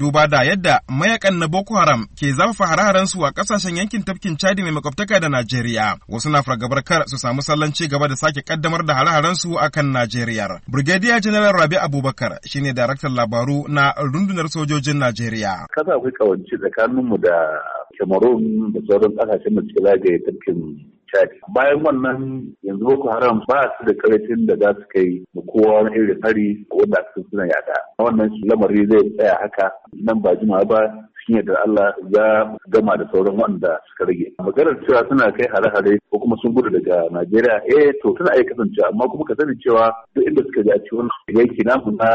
duba da yadda mayakan na Boko Haram ke zafafa hare su a kasashen yankin tafkin Chadi mai makwabtaka da Najeriya. Wasu na fargabar kar su samu sallan ci gaba da sake kaddamar da hararen su a kan Najeriya. Brigadier General Rabi Abubakar shine daraktan labaru na rundunar sojojin Najeriya. kasa akwai kawance tsakaninmu da Cameroon da sauran kasashen da suke lagaye tafkin Chad. Bayan wannan yanzu Boko Haram ba su da karatun da za su kai da kowa wani irin hari wanda su suna yada. Wannan lamari zai tsaya haka nan ba jimawa ba cikin da Allah ya gama da sauran wanda suka rage. Maganar cewa suna kai hare-hare ko kuma sun gudu daga Najeriya eh to tana aika kasancewa amma kuma ka sani cewa duk inda suka ji a cikin yanki namu na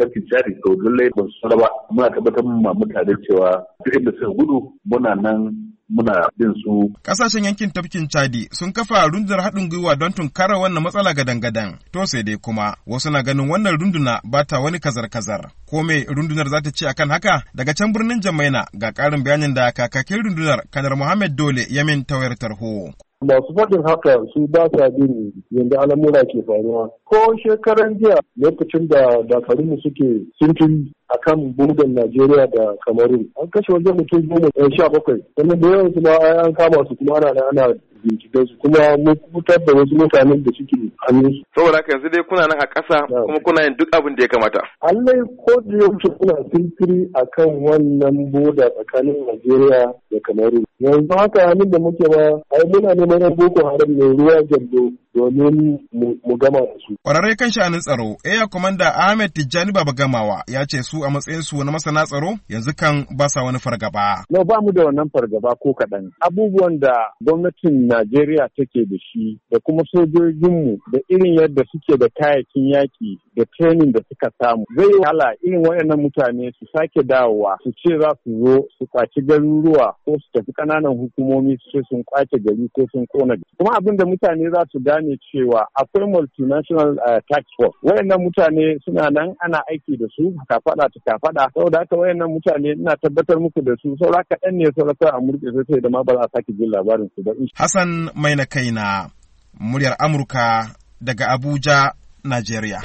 karkin jari to lallai ba su ba muna tabbatar ma mutane cewa duk inda suka gudu muna nan muna bin su. Kasashen yankin tafkin Chadi sun kafa rundunar haɗin gwiwa don tunkara wannan matsala gadan-gadan. To sai dai kuma wasu na ganin wannan runduna ba ta wani kazar-kazar. Ko me rundunar za ta ce akan haka? Daga can birnin Jamaina ga ƙarin bayanin da kakakin rundunar Kanar Muhammad Dole Yamin Tawayar Tarho. masu faɗin haka su ba sa bin yadda al'amura ke faruwa ko shekaran jiya lokacin da dakarunmu suke sintiri a kan bugan Najeriya da kamarun An kashe wajen mutum goma ɗan eh, sha bakwai. Sannan da yawan su ma an kama su kuma ana ana binciken su kuma mun da wasu mutanen da suke hannun su. Saboda haka yanzu dai kuna nan a ƙasa kuma kuna yin duk abin da ya kamata. Allah ko da yaushe kuna sintiri a kan wannan boda tsakanin Najeriya da Kamarun. Yanzu haka hannun da muke ba ai muna neman boko haram ne ruwa jambo domin mu gama da su. Kwararre kan sha'anin tsaro, Air Commander Ahmed Tijjani Baba Gamawa ya ce su a matsayin su na masana tsaro yanzu kan ba sa wani fargaba. No ba mu da wannan fargaba ko kaɗan. Abubuwan da gwamnatin Najeriya take da shi da kuma sojojinmu da irin yadda suke da kayayyakin yaƙi da training da suka samu. Zai wahala irin waɗannan mutane su sake dawowa su ce za su zo su kwaci garuruwa ko su tafi ƙananan hukumomi su ce sun kwace gari ko sun kona Kuma abin da mutane za su gane gane cewa akwai multinational eh, tax force wayannan mutane suna nan ana aiki da su kafada ta kafada saboda haka wayannan mutane ina tabbatar muku da su saura kaɗan ne saura a murƙe sai sai da ma ba za a sake jin labarin su ba. Hassan mai na kaina muryar Amurka daga Abuja, Najeriya.